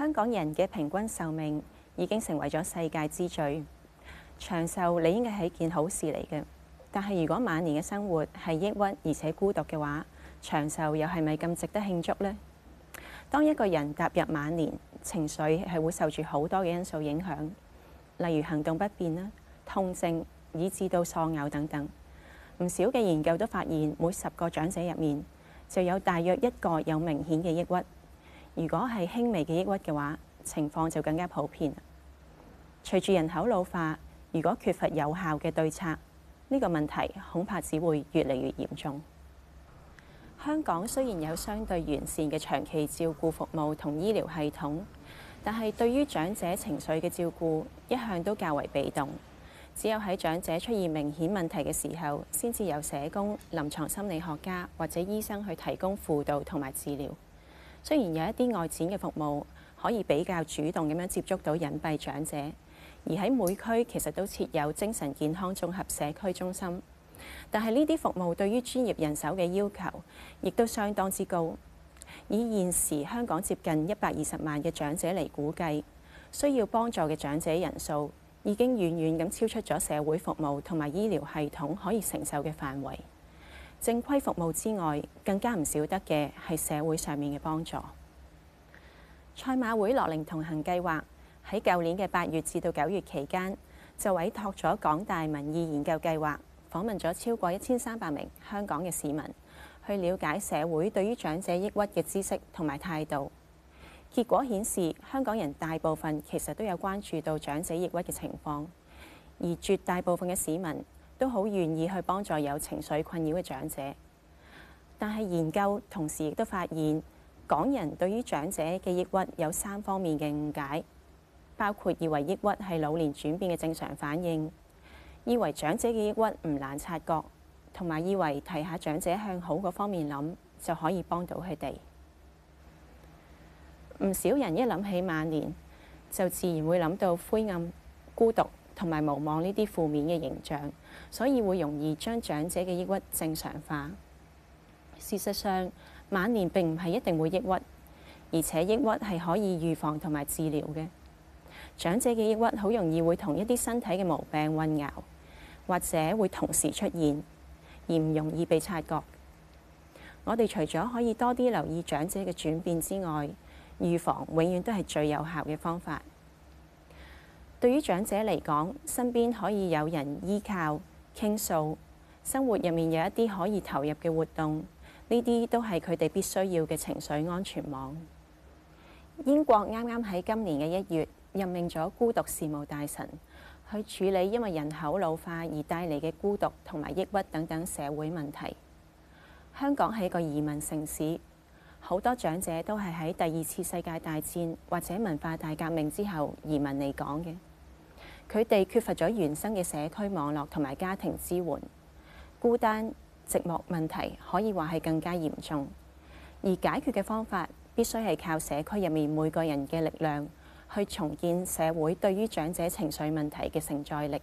香港人嘅平均壽命已經成為咗世界之最，長壽理應係一件好事嚟嘅。但係如果晚年嘅生活係抑鬱而且孤獨嘅話，長壽又係咪咁值得慶祝呢？當一個人踏入晚年，情緒係會受住好多嘅因素影響，例如行動不便啦、痛症，以至到喪偶等等。唔少嘅研究都發現，每十個長者入面就有大約一個有明顯嘅抑鬱。如果係輕微嘅抑鬱嘅話，情況就更加普遍。隨住人口老化，如果缺乏有效嘅對策，呢個問題恐怕只會越嚟越嚴重。香港雖然有相對完善嘅長期照顧服務同醫療系統，但係對於長者情緒嘅照顧一向都較為被動，只有喺長者出現明顯問題嘅時候，先至有社工、臨床心理學家或者醫生去提供輔導同埋治療。雖然有一啲外展嘅服務可以比較主動咁樣接觸到隱蔽長者，而喺每區其實都設有精神健康綜合社區中心，但係呢啲服務對於專業人手嘅要求亦都相當之高。以現時香港接近一百二十萬嘅長者嚟估計，需要幫助嘅長者人數已經遠遠咁超出咗社會服務同埋醫療系統可以承受嘅範圍。正規服務之外，更加唔少得嘅係社會上面嘅幫助。賽馬會樂齡同行計劃喺舊年嘅八月至到九月期間，就委託咗港大民意研究計劃訪問咗超過一千三百名香港嘅市民，去了解社會對於長者抑鬱嘅知識同埋態度。結果顯示，香港人大部分其實都有關注到長者抑鬱嘅情況，而絕大部分嘅市民，都好願意去幫助有情緒困擾嘅長者，但係研究同時亦都發現，港人對於長者嘅抑鬱有三方面嘅誤解，包括以為抑鬱係老年轉變嘅正常反應，以為長者嘅抑鬱唔難察覺，同埋以為提下長者向好嗰方面諗就可以幫到佢哋。唔少人一諗起晚年，就自然會諗到灰暗、孤獨、同埋無望呢啲負面嘅形象，所以會容易將長者嘅抑鬱正常化。事實上，晚年並唔係一定會抑鬱，而且抑鬱係可以預防同埋治療嘅。長者嘅抑鬱好容易會同一啲身體嘅毛病混淆，或者會同時出現，而唔容易被察覺。我哋除咗可以多啲留意長者嘅轉變之外，預防永遠都係最有效嘅方法。對於長者嚟講，身邊可以有人依靠傾訴，生活入面有一啲可以投入嘅活動，呢啲都係佢哋必須要嘅情緒安全網。英國啱啱喺今年嘅一月任命咗孤獨事務大臣，去處理因為人口老化而帶嚟嘅孤獨同埋抑鬱等等社會問題。香港係一個移民城市，好多長者都係喺第二次世界大戰或者文化大革命之後移民嚟港嘅。佢哋缺乏咗原生嘅社區網絡同埋家庭支援，孤單寂寞問題可以話係更加嚴重。而解決嘅方法必須係靠社區入面每個人嘅力量去重建社會對於長者情緒問題嘅承載力。